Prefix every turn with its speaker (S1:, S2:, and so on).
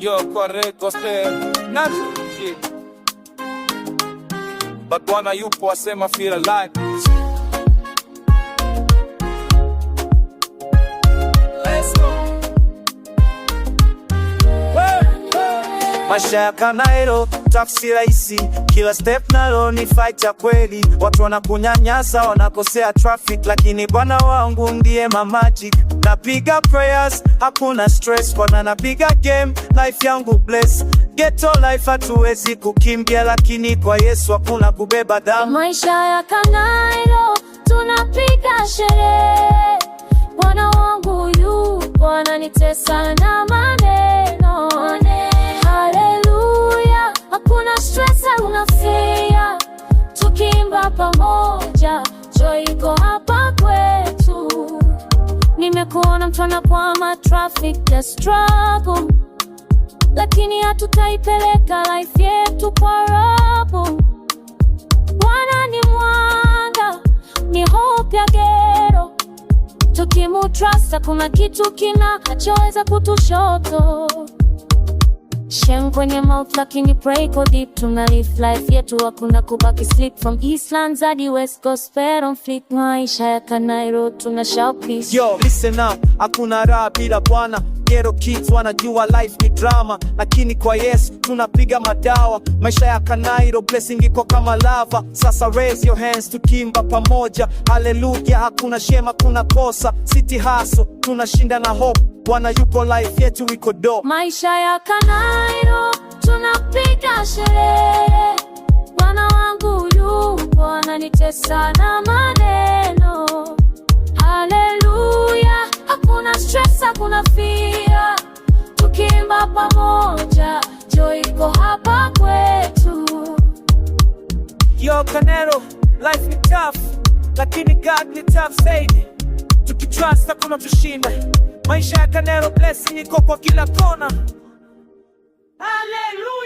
S1: Yo, correct gospel Nazi Batwana yupo asema feel alive Maisha ya Kanairo tafsi rahisi, kila step nalo ni fight ya kweli. Watu wanakunyanyasa, wanakosea traffic, lakini Bwana wangu ndiye ma magic napiga prayers, hakuna stress, kwana napiga game, life yangu bless. Ghetto life hatuwezi kukimbia, lakini kwa Yesu hakuna kubeba damu.
S2: Maisha ya kanailo tunapiga sherehe, Bwana wangu yu wananitesa na
S3: kuona mtu anakwama traffic ya struggle, lakini hatutaipeleka life yetu kwa Rabu. Bwana ni mwanga, ni hope ya gero, tukimutrust hakuna kitu kinachoweza kutushoto Shame kwenye mouth lakini pray kwa deep, tuna live life yetu, hakuna kubaki sleep. From Eastland hadi West Coast, fair on fleek, maisha ya Kanairo tuna shout peace.
S1: Yo, listen up, hakuna raha bila Bwana. Gero kids wanajua life ni drama, lakini kwa Yesu tunapiga madawa. Maisha ya Kanairo blessing iko kama lava. Sasa raise your hands, tukimba pamoja. Haleluya, hakuna shema, kuna kosa. City hustle tunashinda na hope Bwana yupo, life yetu iko do.
S2: Maisha ya Kanairo tunapiga sherehe, Bwana wangu yupo, ananitesa na maneno. Haleluya, hakuna stress, hakuna fear, tukimba pamoja, joy iko hapa kwetu.
S1: Yo Kanairo, life ni tough, lakini God ni tough zaidi, tukitrust hakuna tushinda maisha ya Canelo Bless iko kwa kila kona. Haleluya.